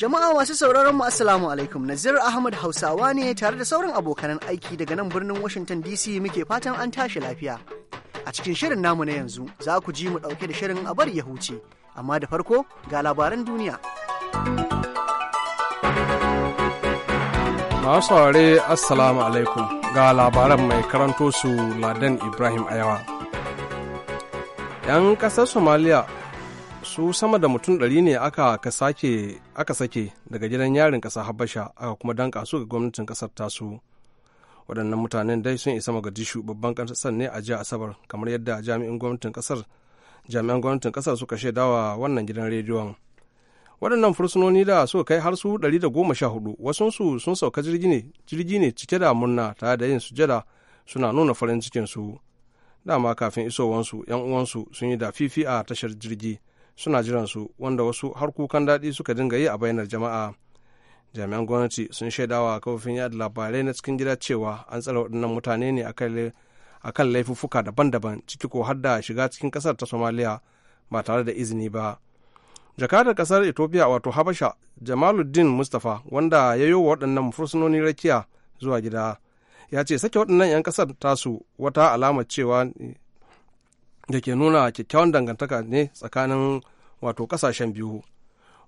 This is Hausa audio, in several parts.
Jama'a masu sauraron mu Assalamu alaikum Nazir Ahmad Hausawa ne tare da sauran abokanan aiki daga nan birnin Washington DC muke fatan an tashi lafiya. A cikin shirin namu na yanzu za ku ji mu ɗauke da shirin a bari ya huce, amma da farko ga labaran duniya. Masu ware Assalamu alaikum ga labaran mai karanto su Ladan Ibrahim Ayawa. 'Yan ƙasar Somalia su sama da mutum ɗari ne aka sake daga gidan yarin ƙasa habasha aka kuma danka su ga gwamnatin ƙasar tasu waɗannan mutanen dai sun isa magajishu babban ƙasar ne a jiya asabar kamar yadda jami'in gwamnatin ƙasar jami'an gwamnatin ƙasar suka shaidawa wannan gidan rediyon waɗannan fursunoni da suka kai har su ɗari da goma sha hudu wasu su sun sauka jirgi ne cike da murna tare da yin sujada suna nuna farin cikinsu dama kafin isowansu 'yan uwansu sun yi da fifi a tashar jirgi suna jiran su wanda wasu har kukan daɗi suka dinga yi a bayanar jama'a jami'an gwamnati sun shaidawa kafofin yada labarai na cikin gida cewa an tsare waɗannan mutane ne a kan laifuffuka daban-daban ciki ko har da shiga cikin ƙasar ta somaliya ba tare da izini ba jakadar ƙasar ethiopia wato habasha jamaluddin mustapha wanda ya yi wa waɗannan fursunoni rakiya zuwa gida ya ce sake waɗannan 'yan ƙasar tasu wata alamar cewa da ke nuna kyakkyawan dangantaka ne tsakanin wato kasashen biyu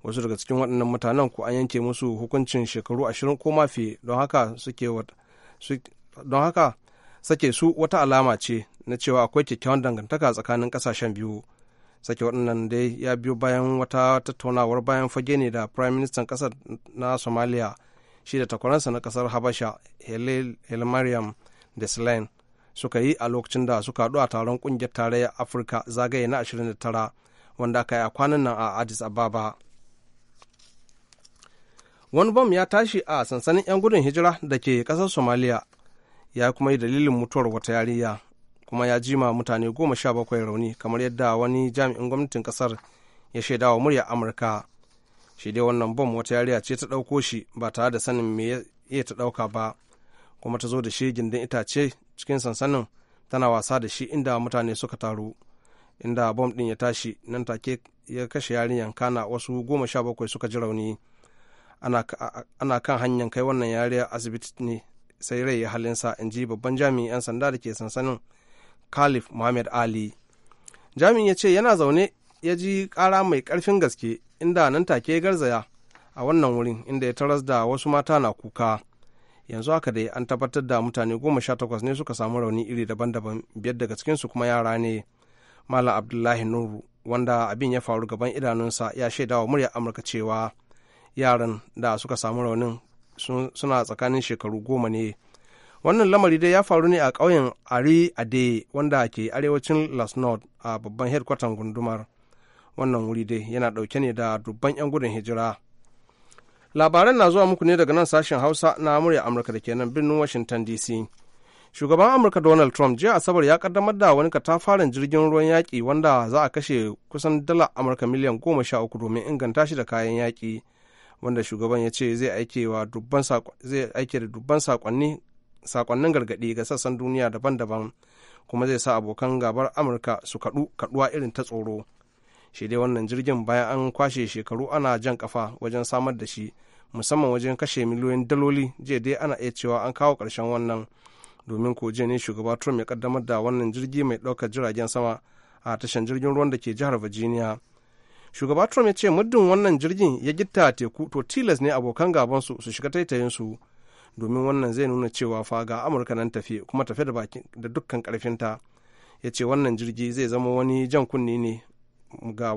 wasu daga cikin waɗannan mutanen ko an yanke musu hukuncin shekaru ashirin ko mafi don haka don haka sake su wata alama ce na cewa akwai kyakkyawan dangantaka tsakanin kasashen biyu sake waɗannan dai ya biyo bayan wata tattaunawar bayan fage ne da prime minister ƙasar na somalia shi da takwaransa na kasar habasha hele mariam deslaine suka yi a lokacin da suka haɗu a taron ƙungiyar tarayyar afirka zagaye na 29 wanda aka yi a kwanan nan a addis ababa wani bom ya tashi a sansanin 'yan gudun hijira da ke ƙasar somaliya ya kuma yi dalilin mutuwar wata yariya kuma ya jima mutane goma sha bakwai rauni kamar yadda wani jami'in gwamnatin ƙasar ya shaida wa murya amurka shi dai wannan bom wata yariya ce ta ɗauko shi ba tare da sanin me ya ta ɗauka ba kuma ta zo da shi gindin itace cikin sansanin tana wasa da shi inda mutane suka taru inda bom ɗin ya tashi nan take ya kashe yarinyar kana wasu goma sha bakwai suka ji rauni ana kan hanyar kai wannan yariya asibiti ne sai rai ya halinsa in ji babban jami'in 'yan sanda da ke sansanin khalif muhammad ali jami'in ya ce yana zaune ya ji kara mai karfin gaske inda nan take garzaya a wannan wurin inda ya taras da wasu mata na kuka yanzu haka dai an tabbatar da mutane goma sha takwas ne suka samu rauni iri daban-daban biyar daga cikinsu kuma yara ne malam abdullahi nuru wanda abin ya faru gaban idanunsa ya shaidawa murya amurka cewa yaran da suka samu raunin suna tsakanin shekaru goma ne wannan lamari dai ya faru ne a ƙauyen ari ade wanda ke arewacin las north a babban hedkwatan gundumar wannan wuri dai yana ɗauke ne da dubban 'yan gudun hijira labaran na zuwa muku ne daga nan sashen hausa na murya amurka da ke nan birnin washington dc shugaban amurka donald trump jiya asabar ya kaddamar da wani katafaren jirgin ruwan yaƙi wanda za a kashe kusan dala amurka miliyan goma sha uku domin inganta shi da kayan yaƙi wanda shugaban ya ce zai aike da dubban sakonnin gargaɗi ga sassan duniya daban-daban kuma zai sa abokan gabar amurka su kaɗu kaɗuwa irin ta tsoro shi dai wannan jirgin bayan an kwashe shekaru ana jan kafa wajen samar da shi musamman wajen kashe miliyoyin daloli jiya dai ana iya cewa an kawo karshen wannan domin ko jiya ne shugaba trump ya kaddamar da wannan jirgi mai ɗaukar jiragen sama a tashan jirgin ruwan da ke jihar virginia shugaba trump ya ce muddin wannan jirgin ya gitta teku to tilas ne abokan gabansu su shiga taitayinsu domin wannan zai nuna cewa fa ga amurka nan tafi kuma tafi da dukkan karfinta ya ce wannan jirgi zai zama wani jan kunni ne ga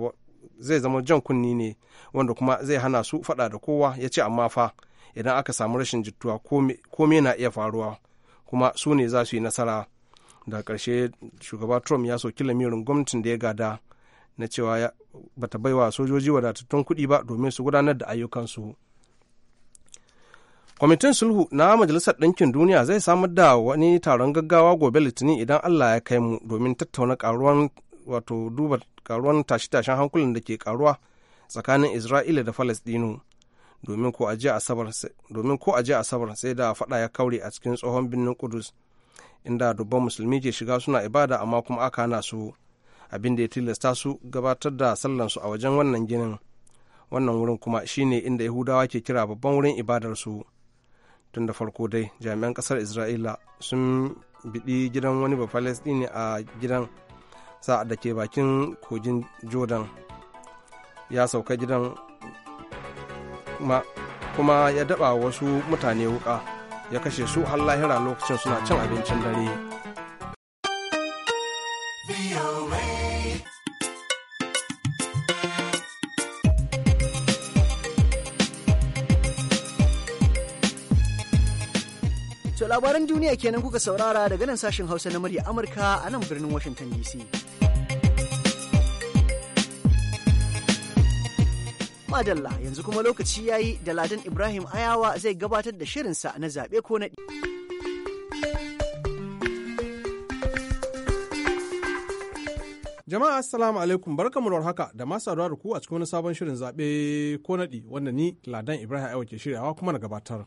zai zama jan kunni ne wanda kuma zai hana su faɗa da kowa ya ce amma fa idan aka samu rashin jittuwa kome na iya faruwa kuma su ne za su yi nasara da ƙarshe shugaba trump ya soki lamirin gwamnatin da ya gada na cewa ba bata baiwa sojoji wadatattun kuɗi ba domin su gudanar da ayyukansu kwamitin sulhu na majalisar ɗinkin duniya zai samar da wani taron gaggawa gobe litinin idan allah ya kai mu domin tattauna karuwan wato duba karuwan tashe-tashen hankulan da ke karuwa tsakanin isra'ila da falastinu domin ko a asabar sai da faɗa ya kaure a cikin tsohon birnin kudus inda dubban musulmi ke shiga suna ibada amma kuma aka hana su abin da ya tilasta su gabatar da sallansu a wajen wannan ginin wannan wurin kuma shine inda yahudawa ke kira babban wurin ibadarsu tun da farko dai jami'an kasar isra'ila sun biɗi gidan wani ba bafalestini a gidan sa'ad da ke bakin kogin jordan ya sauka gidan kuma ya daba wasu mutane wuka ya kashe su har lahira lokacin suna cin abincin dare To labaran duniya kenan kuka saurara daga nan sashen Hausa na murya Amurka a nan birnin Washington DC. madalla yanzu kuma lokaci ya yi da ladan ibrahim ayawa zai gabatar da shirinsa na zaɓe ko naɗi. jama'a assalamu alaikum barkamu da haka da masu saduwa da ku a cikin wani sabon shirin zaɓe ko naɗi wanda ni ladan ibrahim ayawa ke shiryawa kuma na gabatar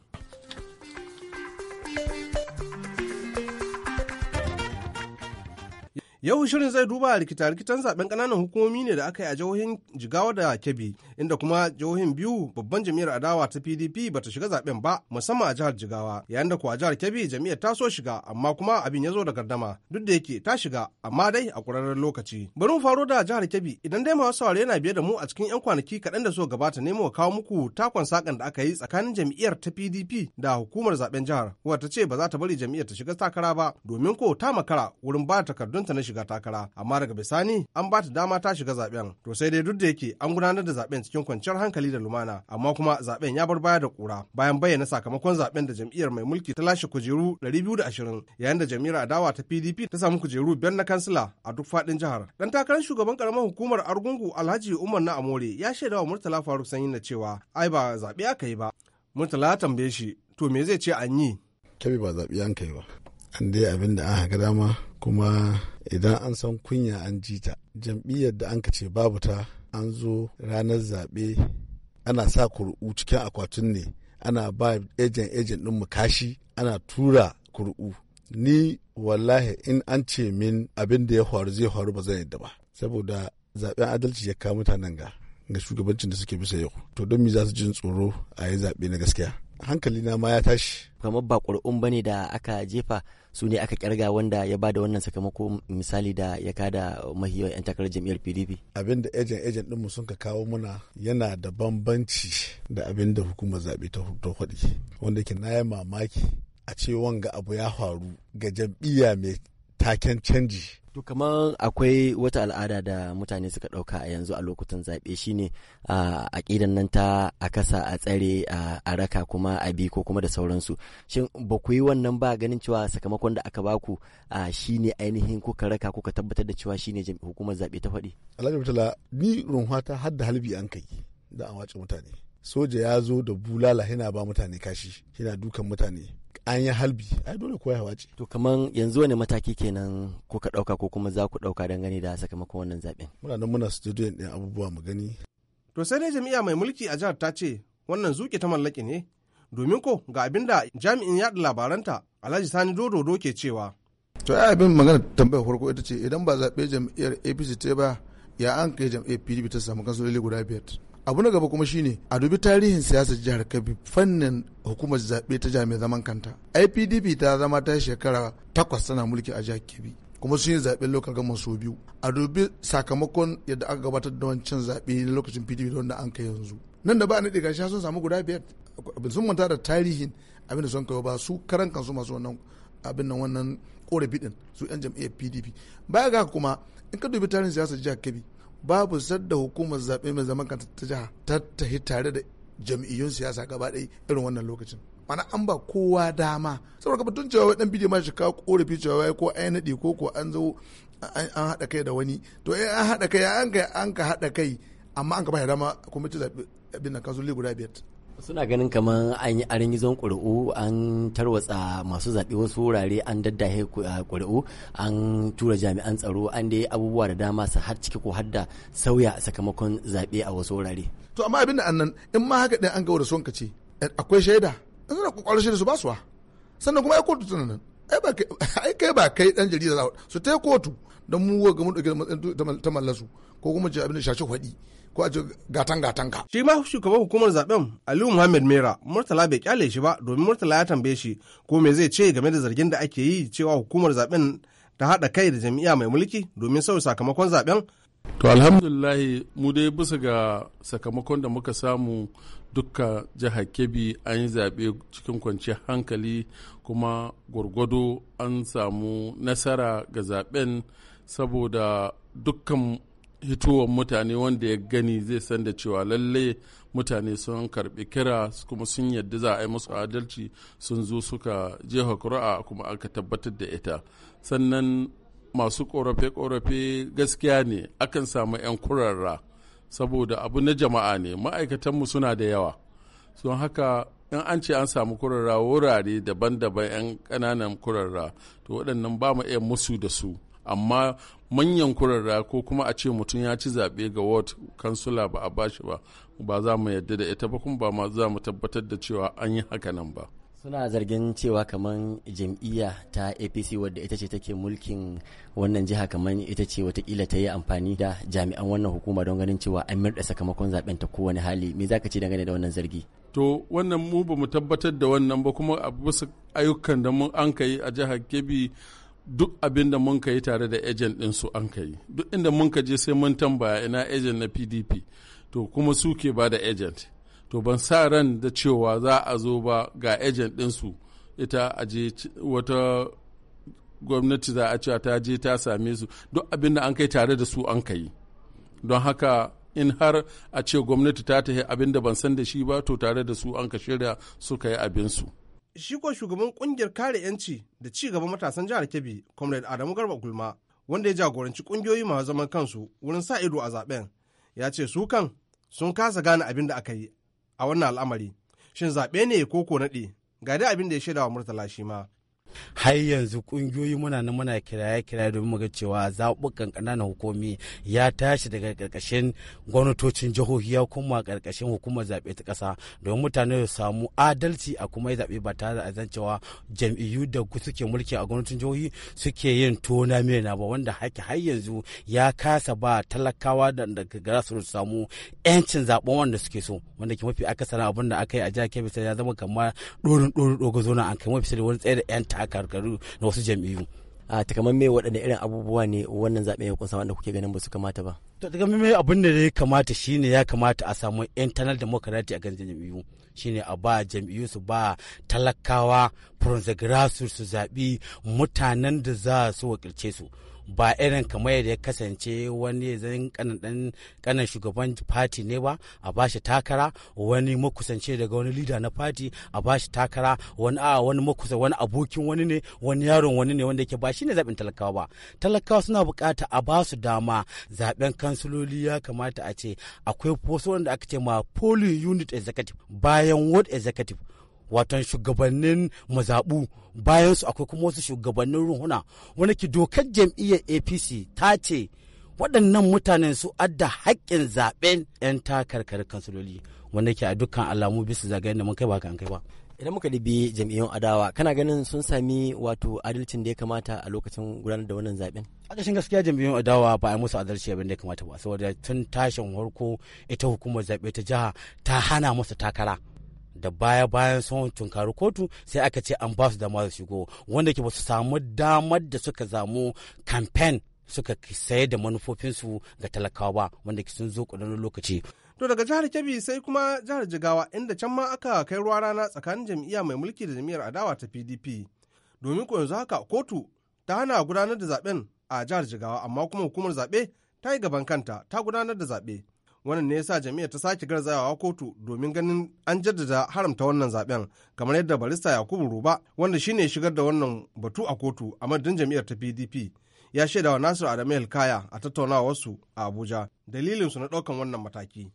yau shirin zai duba rikita-rikitan zaben kananan hukumomi ne da aka yi a jihohin jigawa da kebbi inda kuma jihohin biyu babban jam'iyyar adawa ta pdp ba ta shiga zaben ba musamman a jihar jigawa yayin da kuwa jihar kebbi jam'iyyar ta so shiga amma kuma abin ya zo da gardama duk da yake ta shiga amma dai a ƙwararren lokaci bari mu faro da jihar kebbi idan dai masu saurare yana biye da mu a cikin yan kwanaki kaɗan da so gabata ne mu kawo muku takon sakan da aka yi tsakanin jam'iyyar ta pdp da hukumar zaben jihar wata ta ce ba za ta bari jam'iyyar ta shiga takara ba domin ko ta makara wurin ba takardunta na shiga takara amma daga bisani an ba ta dama ta shiga zaben to sai dai duk da yake an gudanar da zaben cikin kwanciyar hankali da lumana amma kuma zaben ya bar baya da kura bayan bayyana sakamakon zaben da jam'iyyar mai mulki ta lashe kujeru 220 yayin da jam'iyyar adawa ta PDP ta samu kujeru biyan na kansila a duk faɗin jihar. Dan takarar shugaban karamar hukumar Argungu Alhaji Umar na Amore ya shaidawa Murtala Faruk Sanyi da cewa ai ba zabe aka yi ba. Murtala ya tambaye shi to me zai ce an yi? Kyabi ba zabe an kai ba. An dai abin da aka dama kuma idan an san kunya an ji ta jam'iyyar da an ce babu ta an zo ranar zaɓe ana sa kuri'u cikin akwatin ne ana ba ejen ejen ɗin mu kashi ana tura kuri'u ni wallahi in an ce min abin da ya faru zai faru ba zan yadda ba saboda zaɓen adalci ya kawo mutanen ga ga shugabancin da suke bisa yau to don mi za su jin tsoro a yi zaɓe na gaskiya hankali na ma ya tashi kamar ba ƙuri'un ba ne da aka jefa su ne aka kirga wanda ya ba da wannan sakamako misali da ya kada mahiyar 'yan takarar jam'iyyar pdp abin da ejen ejen ɗinmu sun ka kawo muna yana da bambanci da abin da hukumar zaɓe ta faɗi wanda ke na yi mamaki a ce wanga abu ya faru ga jam'iyya mai taken canji to kamar akwai wata al'ada da mutane suka ɗauka a yanzu a lokutan zaɓe shine a aƙidan nan ta a kasa a tsare a raka kuma a bi ko kuma da sauransu shin ba ku yi wannan ba ganin cewa sakamakon da aka baku shine ainihin kuka raka kuka tabbatar da cewa shine hukumar zaɓe ta faɗi alhaji mutala ni runwa ta hadda halbi an kai da an wace mutane soja ya zo da bulala yana ba mutane kashi yana dukan mutane an yi halbi ai dole kowa ya wace to kaman yanzu wani mataki kenan kuka dauka ko kuma za ku dauka gani da sakamakon wannan zaben muna nan muna studio din abubuwa mu gani to sai dai jami'a mai mulki a jihar ta ce wannan zuke ta mallaki ne domin ko ga abin da jami'in yaɗa labaranta alhaji sani dododo ke cewa to ai abin magana tambayar farko ita ce idan ba zaɓe jami'ar apc ta ba ya an kai jami'ar pdp ta samu kansuloli guda biyar abu na gaba kuma shine a dubi tarihin siyasar jihar kabi fannin hukumar zaɓe ta jami'ai zaman kanta ipdp ta zama ta shekara takwas tana mulki a jihar kebbi kuma sun yi zaɓen lokacin gama sau biyu a dubi sakamakon yadda aka gabatar da wancan zaɓe na lokacin pdp da wanda an kai yanzu nan da ba a naɗe gashi sun samu guda biyar sun manta da tarihin abin da sun kai ba su karan kansu masu wannan abin nan wannan korafi din su yan jam'iyyar pdp baya ga kuma in ka dubi tarihin siyasar jihar kebbi babu sadda hukumar zaɓe mai zaman kanta ta jiha ta tahi tare da jam'iyyun siyasa gaba ɗaya irin wannan lokacin mana an ba kowa dama saboda tun cewa wai dan bidiyo ma shi kawo korafi cewa ko ai nadi ko ko an zo an haɗa kai da wani to eh an haɗa kai an ka haɗa kai amma an ka ba dama kwamitin zaɓe abin nan kasu guda biyar suna ganin kamar an yi arin gizon ƙuri'u an tarwatsa masu zaɓe wasu wurare an daddahe ƙuri'u an tura jami'an tsaro an dai abubuwa da dama su har ciki ko har da sauya sakamakon zaɓe a wasu wurare. to amma abin da annan in ma haka ɗin an gaura son ka ce eh, akwai shaida in suna ƙwaƙwalar shaida su ba suwa sannan kuma ai kotu tana nan ai kai ba kai ɗan jarida su ta kotu don mu ga mun ɗauke ta mallasu ko kuma ce abin da shashi faɗi. ko a gatan gatan ka. Shi ma shugaban hukumar zaben Aliyu Muhammad Mera Murtala bai kyale shi ba domin Murtala ya tambaye shi ko me zai ce game da zargin da ake yi cewa hukumar zaben ta haɗa kai da jami'a mai mulki domin sauya sakamakon zaben. To alhamdulillah mu dai bisa ga sakamakon da muka samu duka jihar Kebbi an yi zaɓe cikin kwanciyar hankali kuma gwargwado an samu nasara ga zaben saboda dukkan hitowar mutane wanda ya gani zai san da cewa lalle mutane sun karbi kira kuma sun yadda za a yi musu adalci sun zo suka jefa kuri'a kuma aka tabbatar da ita sannan masu korafe-korafe gaskiya ne akan samu 'yan kurarra saboda abu na jama'a ne ma'aikatanmu suna da yawa sun haka in an ce an samu kurarra wurare daban-daban 'yan ƙananan kurarra to waɗannan ba mu iya musu da su amma manyan kurarra ko kuma a ce mutum ya ci zaɓe ga ward kansula ba a bashi ba ba za mu yadda da ita ba kuma ba ma za mu tabbatar da cewa an yi haka nan ba suna zargin cewa kamar jam'iyya ta apc wadda ita ce take mulkin wannan jiha kamar ita ce watakila ta yi amfani da jami'an wannan hukuma don ganin cewa an mirda sakamakon zaben ta kowane hali me zaka ce dangane da wannan zargi to wannan mu ba mu tabbatar da wannan ba kuma a bisa ayyukan da mun an kai a jihar kebbi duk abin da mun yi tare da ejen ɗin su an yi duk inda mun ka je sai mun tambaya ina ejen na pdp to kuma su ke ba da agent to ban sa ran da cewa za a zo ba ga agent su ita a je wata gwamnati za a cewa ta je ta same su duk abin da an kai tare da su an kai don haka in har a ce gwamnati ta tahi abin da ban san da shi ba to tare da su an ka shirya suka yi abin su shi ko shugaban kungiyar kare 'yanci da ci gaban matasan jihar Kebbi, Comrade Adamu Garba Gulma, wanda ya jagoranci kungiyoyi masu zaman kansu wurin sa ido a zaben, ya ce su kan sun kasa gane abin da aka yi a wannan al'amari. Shin zaɓe ne ko ko naɗe? Ga dai abin da ya shaidawa Murtala shi ma. har yanzu kungiyoyi muna nan muna kiraye kiraye domin ga cewa zaɓukan ƙananan hukumi ya tashi daga ƙarƙashin gwamnatocin jihohi ya kuma ƙarƙashin hukumar zaɓe ta ƙasa domin mutane su samu adalci a kuma zaɓe ba tare da azan cewa jam'iyyu da suke mulki a gwamnatin jihohi suke yin tona mena ba wanda haki har yanzu ya kasa ba talakawa da daga gara su samu 'yancin zaɓen wanda suke so wanda ke mafi akasarin abin da aka yi a jihar kebbi ya zama kamar ɗorin ɗorin ɗogo zona an kai mafi wani tsaye da 'yan a karkaru na wasu jam'iyyu a takamamme waɗanne irin abubuwa ne wannan zaɓe ya kunsa wanda kuke ganin ba su kamata ba to takamamme abin da ya kamata shine ya kamata a samu internal democracy a ganin jam'iyyu shine a ba jam'iyyu su ba talakawa from su zaɓi mutanen da za su wakilce su ba irin kamar yadda ya kasance wani zan kanan kanan shugaban fati ne ba a bashi takara wani makusance daga wani lida na fati a bashi takara wani a wani makusa wani abokin wani ne wani yaron wani ne wanda yake ba shine zaben talakawa ba talakawa suna bukata a ba su dama zaɓen kansiloli ya kamata a ce akwai wasu wanda aka ce ma polling unit executive bayan ward executive watan shugabannin mazaɓu bayan su akwai kuma wasu shugabannin ruhuna wani ki dokar jam'iyyar apc ta ce waɗannan mutanen su adda haƙƙin zaɓen 'yan takarkar kansuloli wanda ke a dukkan alamu bisa zagayen da mun kai ba kan kai ba idan muka dibi jam'iyyun adawa kana ganin sun sami wato adalcin da ya kamata a lokacin gudanar da wannan zaɓen. a ƙarshen gaskiya jam'iyyun adawa ba a musu adalci abin da ya kamata ba saboda tun tashin harko ita hukumar zaɓe ta jiha ta hana masa takara da baya bayan sun tunkari kotu sai aka ce an ba su dama su shigo wanda ke basu su samu damar da suka zamu kamfen suka sayar da manufofinsu ga talakawa ba wanda ke sun zo kudanin lokaci to daga jihar kebbi sai kuma jihar jigawa inda can ma aka kai ruwa rana tsakanin jam'iyya mai mulki da jam'iyyar adawa ta pdp domin ko yanzu haka kotu ta hana gudanar da zaben a jihar jigawa amma kuma hukumar zaɓe ta yi gaban kanta ta gudanar da zaɓe wannan ne yasa jami'ar ta sake garzayawa kotu domin ganin an jaddada haramta wannan zaben kamar yadda barista yakubu ruba wanda shine shigar da wannan batu a kotu a madadin jami'ar ta pdp ya shaidawa nasiru adamu kaya a wasu a abuja dalilinsu na ɗaukan wannan mataki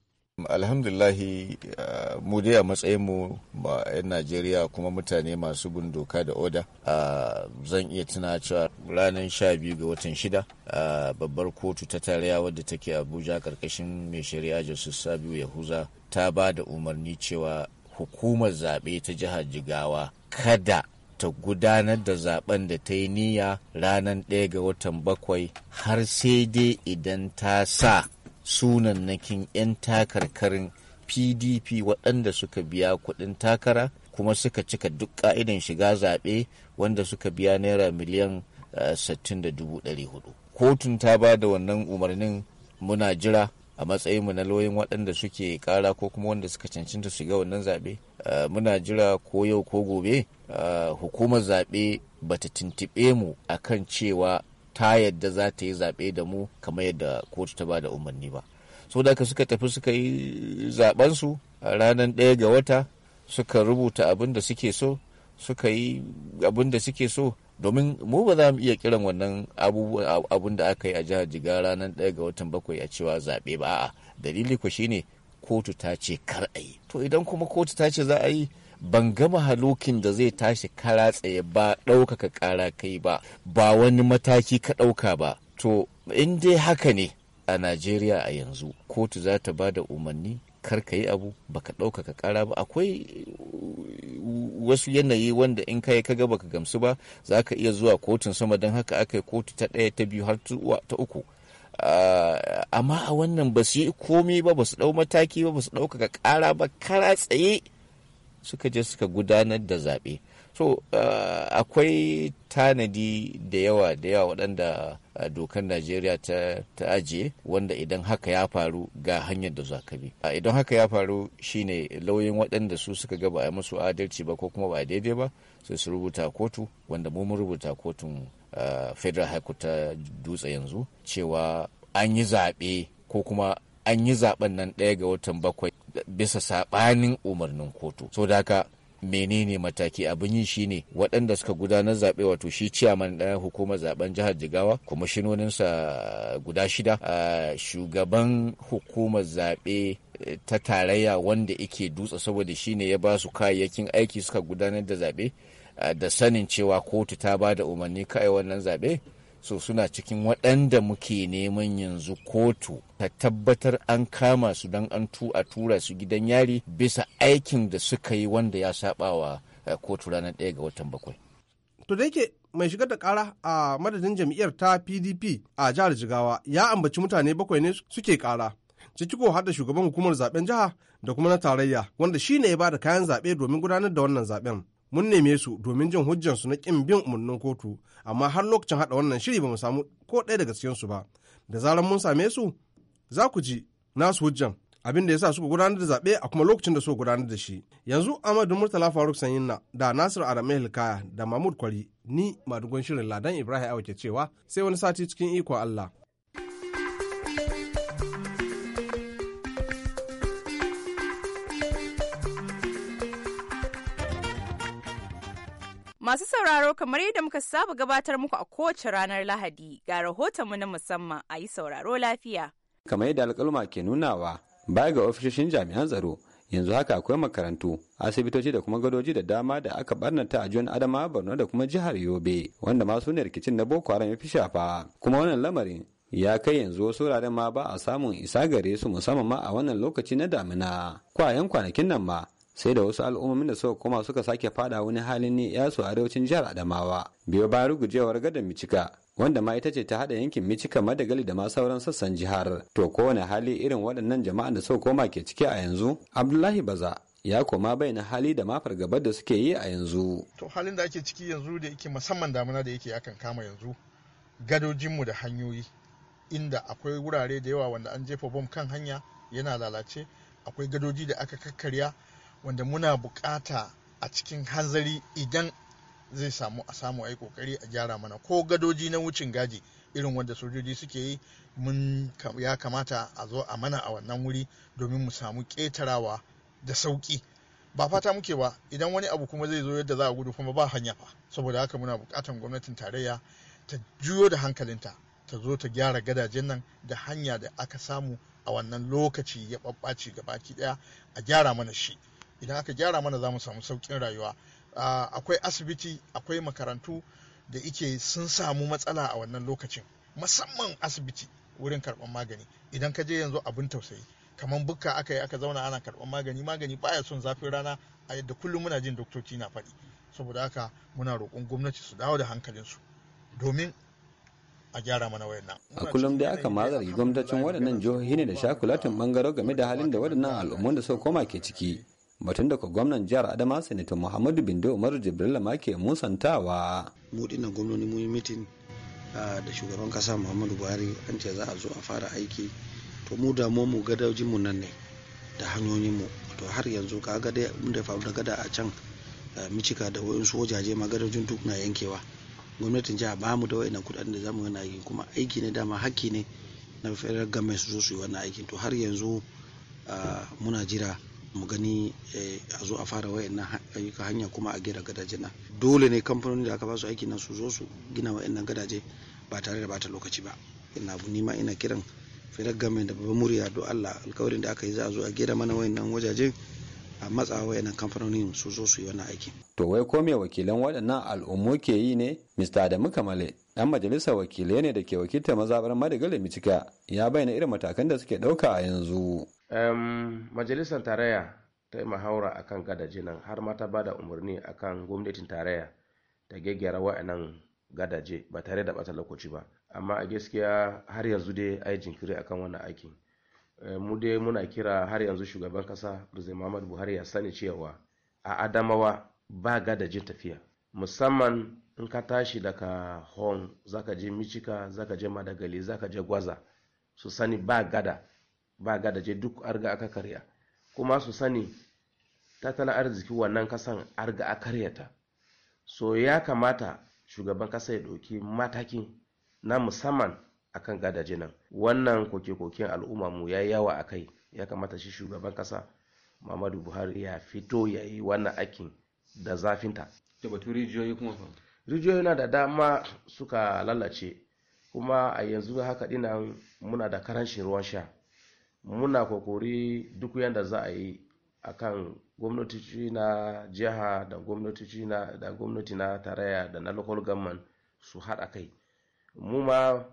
alhamdulahi ah, mu dai a matsayinmu ba 'yan najeriya kuma mutane masu bin doka da oda a ah, zan iya tuna cewa ranar sha biyu ga watan shida a ah, babbar kotu ta tarayya wadda take abuja karkashin mai shari'a jesus sabiu yahuza ta ba da umarni cewa hukumar zaɓe ta jihar jigawa kada ta gudanar da zaben da ta yi niyya ranar 1 ga watan bakwai har sai dai idan ta sa sunannakin 'yan takarkarin pdp waɗanda suka biya kuɗin takara kuma suka cika duk ƙa'idan shiga zaɓe wanda suka biya naira miliyan eh, hudu. kotun ta ba da wannan umarnin muna jira a matsayinmu na lauyin waɗanda suke ƙara ko kuma wanda suka cancanta su wannan zaɓe eh, muna jira ko yau ko gobe eh, hukumar zaɓe bata tuntuɓe mu akan cewa ta yadda za ta yi zaɓe da mu kamar yadda kotu ta ba da umarni ba so da ka suka tafi suka yi zaɓensu a ranar ɗaya ga wata suka rubuta abin da suke so suka yi abin da suke so domin mu ba za mu iya kiran wannan abun da aka yi a jihar jigar ranar ɗaya ga watan bakwai a cewa zaɓe ba a'a dalili ku shine kotu ta ce kar a yi to idan kuma kotu ta ce za a yi ban gama halokin da zai tashi kara tsaye ba ɗaukaka ƙara kai ba ba wani mataki ka ɗauka ba to in dai haka ne a najeriya a yanzu kotu za ta ba da umarni kar ka yi abu baka ɗaukaka ƙara ba akwai wasu yanayi wanda in kai kaga baka gamsu ba za ka iya zuwa kotun sama don haka aka yi kotu ta ɗaya ta biyu har ta uku ah, amma a wannan ba su yi komi ba ba su ɗau mataki ba ba su ɗaukaka ƙara ba kara tsaye suka je suka gudanar da zaɓe so uh, akwai tanadi da yawa da yawa waɗanda uh, dokar najeriya ta, ta ajiye wanda idan haka ya faru ga hanyar da za bi uh, idan haka ya faru shine lauyin waɗanda su suka ga ba a musu adalci ba ko kuma ba daidai ba sai su rubuta kotu wanda mu mun rubuta kotun uh, federal high court ta dutse yanzu cewa an yi zaɓe ko kuma an yi zaɓen nan ɗaya ga watan bakwai bisa saɓanin umarnin kotu so da haka menene mataki abin yi shine waɗanda suka gudanar zaɓe wato shi ciyaman ɗaya hukumar zaben jihar jigawa kwamishinoninsa eh, guda shida a eh, shugaban hukumar zaɓe eh, ta tarayya wanda ike dutse saboda shine ya ba su kayayyakin aiki suka gudanar da zaɓe da sanin cewa kotu ta ba da umarni kai wannan zaɓe so suna cikin waɗanda muke neman yanzu kotu ta tabbatar an kama su don an a tura su gidan yari bisa aikin da suka yi wanda ya saba wa eh, kotu ranar ɗaya ga watan bakwai. To da yake mai shigar da kara a madadin jam'iyyar ta PDP a jihar Jigawa ya ambaci mutane bakwai ne suke kara. Ciki ko har da shugaban hukumar zaben jiha da kuma na tarayya wanda shi ne ya ba da kayan zaɓe domin gudanar da wannan zaben Mun neme su domin jin hujjansu na kin bin umarnin kotu amma har lokacin haɗa wannan shiri ba mu samu ko ɗaya daga cikinsu ba da zarar mun same su za ku ji nasu hujjan abin da ya sa suka gudanar da zaɓe a kuma lokacin da suka gudanar da shi yanzu amadu murtala faruk sanyinna da nasir aramai hilkaya da mahmud kwari ni madugun shirin ladan ibrahim awa ke cewa sai wani sati cikin ikon allah Masu sauraro kamar yadda muka saba gabatar muku a kowace ranar Lahadi ga rahotonmu na musamman a yi sauraro lafiya. Kamar yadda alƙaluma ke nunawa baya ga ofishoshin jami'an tsaro yanzu haka akwai makarantu asibitoci da kuma gadoji da dama da aka barnata a jihar adama borno da kuma jihar yobe wanda masu ne rikicin na boko haram ya fi shafa kuma wannan lamarin ya kai yanzu wasu wuraren ma ba a samun isa gare su musamman ma a wannan lokaci na damina kwayan kwanakin nan ma sai da wasu al'ummomin da suka koma suka sake fada wani halin ne yasu arewacin jihar adamawa biyo bayan rugujewar gadon micika wanda ma ita ce ta hada yankin micika madagali da ma sauran sassan jihar to kowane hali irin waɗannan jama'an da suka koma ke ciki a yanzu abdullahi baza ya koma bai hali da ma fargabar da suke yi a yanzu to halin da ake ciki yanzu da yake musamman damuna da yake akan kama yanzu gadojinmu da hanyoyi inda akwai wurare da yawa wanda an jefa bom kan hanya yana lalace akwai gadoji da aka kakkarya wanda muna bukata a cikin hanzari idan zai samu a samu a yi kokari a gyara mana ko gadoji na wucin gaji irin wanda sojoji suke yi mun ya kamata a zo a mana a wannan wuri domin mu samu ƙetarawa da sauƙi ba fata muke ba idan wani abu kuma zai zo yadda za a gudu kuma ba hanya fa saboda haka muna buƙatan gwamnatin tarayya ta juyo da hankalinta ta zo ta gyara gadajen nan da hanya da aka samu a wannan lokaci ya ɓaɓɓaci gabaki ɗaya a gyara mana shi idan aka gyara mana za mu samu sauƙin rayuwa akwai asibiti akwai makarantu da ike sun samu matsala a wannan lokacin musamman asibiti wurin karɓar magani idan ka je yanzu abin tausayi kamar bukka aka yi aka zauna ana karɓar magani magani baya son zafin rana a yadda kullum muna jin doktoci na faɗi saboda haka muna roƙon gwamnati su dawo da hankalinsu domin a gyara mana wayannan. A kullum dai aka mazargi gwamnatocin waɗannan jihohi ne da shakulatin bangaro game da halin da waɗannan al'ummun da suka koma ke ciki. batun da gwamnan jihar adama sanata muhammadu bindo umaru jibrila ma ke musantawa mu na gwamnoni mun yi mitin ah, da shugaban kasa muhammadu buhari an ce za a zo a fara aiki to mu da mu gadajin mu nan ne da hanyoyin mu to har yanzu ka ga dai mun da faru da gada a can ah, micika da wayansu wajaje ma gadajin duk na yankewa gwamnatin jiha ba mu da wayan kudaden da zamu yana yi kuma aiki ne dama hakki ne na federal government su zo su yi wannan aikin to har yanzu ah, muna jira mu gani eh, a zo a fara wayannan ayyuka hanya kuma a gera gadaje na dole ne kamfanoni da aka ba su aiki nan su zo su gina wayannan gadaje ba tare da bata lokaci ba ina bu nima ina kiran firar game da babban murya don Allah alkawarin da aka yi za a zo a gera mana wayannan wajaje a matsa wayannan kamfanonin su zo su yi wannan aiki to wai ko me wakilan waɗannan al'ummu ke yi ne Mr. Adamu Kamale dan majalisar wakilai ne da ke wakiltar mazabar Madagali Micika ya bayyana irin matakan da suke ɗauka a yanzu um, majalisar tarayya ta yi mahaura akan gadajinan har ma ta da umarni a kan gwamnatin tarayya ta gyaggyara wa'annan gadaje ba tare da bata lokaci ba amma a gaskiya har yanzu dai a yi jinkiri a kan wannan aikin mu dai muna kira har yanzu shugaban kasa President Muhammadu Buhari ya sani cewa a Adamawa ba gadajin tafiya musamman in ka tashi daga Hong zaka je Michika zaka je Madagali zaka je Gwaza su sani ba gada ba gadaje duk arga aka karya kuma su sani tattalin arziki wannan kasan arga a karyata so ya kamata shugaban kasa ya ɗauki mataki na musamman akan gadaje nan wannan koke-koken al'umma mu ya yawa a kai ya kamata shi shugaban kasa muhammadu buhari ya fito ya yi wannan aikin da zafinta da batu rijiyoyi kuma fa rijiyoyi na da dama suka lalace kuma a yanzu haka dinan muna da karancin ruwan sha muna kokori duk yadda za a yi a kan gwamnatici na jiha da gwamnatici na da gwamnati na tarayya da na local government su haɗa kai mu ma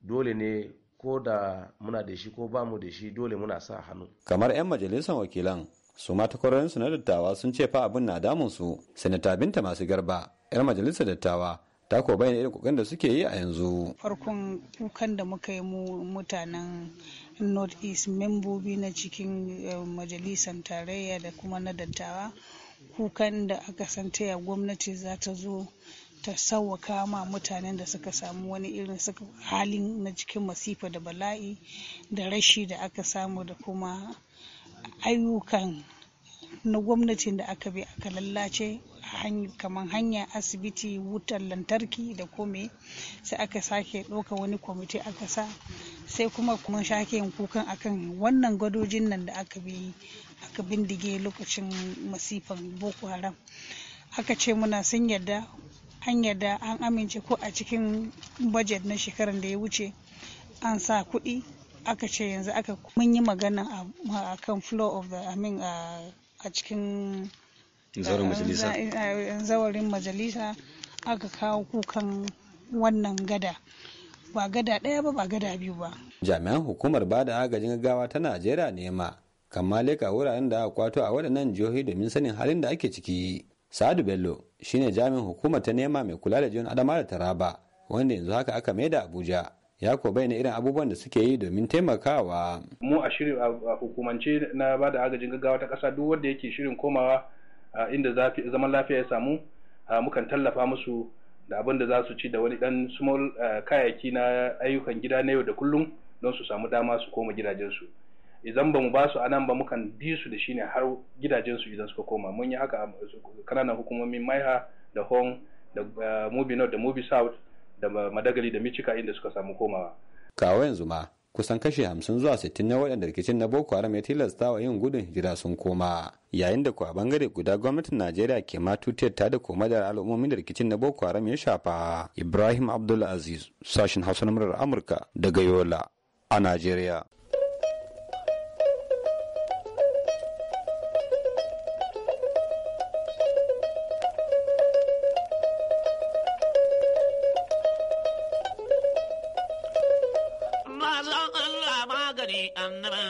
dole ne ko da muna da shi ko ba mu da shi dole muna sa hannu kamar 'yan majalisar wakilan su ma takwarorinsu na dattawa sun ce fa abin na damun su sanata binta masu garba 'yan majalisar dattawa ta ko bayan irin kokarin da suke yi a yanzu farkon kukan da muka yi mu mutanen north east membobi na cikin eh, majalisar tarayya da kuma na dattawa kukan da aka san taya gwamnati za ta zo ta sauwaka ma mutanen da suka samu wani irin suka halin na cikin masifa da bala'i da rashi da aka samu da kuma ayyukan na gwamnatin da aka bi aka lallace kamar hanya asibiti wutar lantarki da kome sai aka sake ɗauka wani kwamiti a sa sai kuma kuma sake yin kukan akan wannan gadojin nan da aka bi aka bindige lokacin masifan boko haram aka ce muna sun yadda an yadda an amince ko a cikin bajet na shekarar da ya wuce an sa kuɗi aka ce yanzu aka mun yi magana a kan flow of the amin? mean a cikin eh, eh, zawarin majalisa aka kawo kukan wannan gada ba gada ɗaya ba ba gada biyu ba jami'an hukumar bada agajin gaggawa ta najeriya ne ma kamma leka wuraren da aka kwato a waɗannan jihohi domin sanin halin da ake ciki sadu bello shine jami'in hukumar ta nema mai kula da jihun adama da taraba wanda yanzu haka aka da abuja ya ko bayyana irin abubuwan da suke yi domin taimakawa. Mu a shirin a hukumance na ba da agajin gaggawa ta kasa duk wanda yake shirin komawa inda zaman lafiya ya samu mukan tallafa musu da abin da za su ci da wani dan small kayayyaki na ayyukan gida na yau da kullum don su samu dama su koma gidajensu. Idan ba mu ba su anan ba mukan bi su da shi ne har gidajensu idan suka koma. Mun yi haka kananan hukumomin Maiha da Hong da Mubi North da Mubi South da madagali da micika inda suka samu komawa kawo yanzu ma kusan kashi hamsin zuwa sittin na waɗanda rikicin na boko haram ya tilasta wa yin gudun hijira sun koma yayin da kuwa bangare guda gwamnatin najeriya ke ma tutiyar ta da koma da al'ummomin da rikicin na boko haram ya shafa ibrahim abdulaziz sashin hausa na murar amurka daga yola a najeriya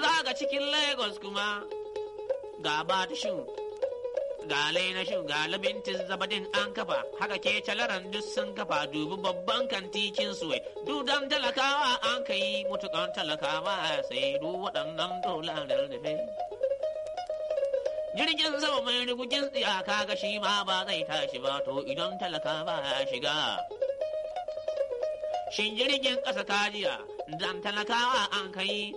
ka ga cikin lagos kuma ga batishin ga lainashin ga labintin zabadin an kafa haka ke calaran duk sun kafa dubi babban kantikin suwai dudan talakawa an ka yi mutukan talakawa sai du waɗannan dolar da jirgin sama mai rigugin tsiyaka ga shi ma ba zai tashi ba to idan talakawa ya shiga shin jirgin ƙasa kajiya dan talakawa an yi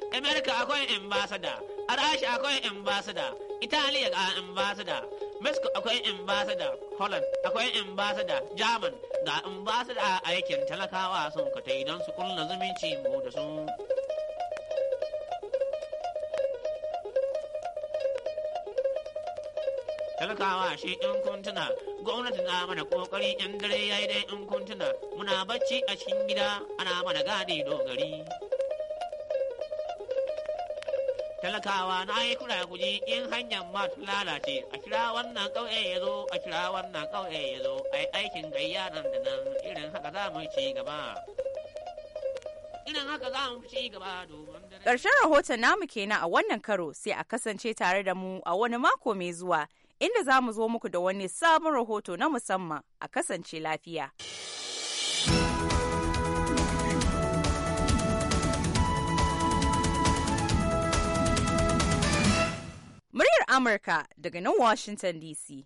america akwai ambassador a rasha akwai ambassador italiya a ambassador mexico akwai ambassador holland akwai ambassador german ga ambassador a aikin talakawa sun katai idan su kulla zumunci mu da su talakawa shi in kuntuna gwamnati na mana kokari yan dare yayi dai in kuntuna muna bacci a cikin gida ana mana gadi dogari talakawa na yi kura guji in hanyar masu lalace a kira wannan ƙauye ya zo a kira wannan ƙauye ya zo a yi aikin gayya nan da nan irin haka za mu ci gaba irin haka za mu ci gaba domin ƙarshen rahoton namu kenan a wannan karo sai a kasance tare da mu a wani mako mai zuwa inda za mu zo muku da wani sabon rahoto na musamman a kasance lafiya. Muryar Amurka daga nan Washington DC.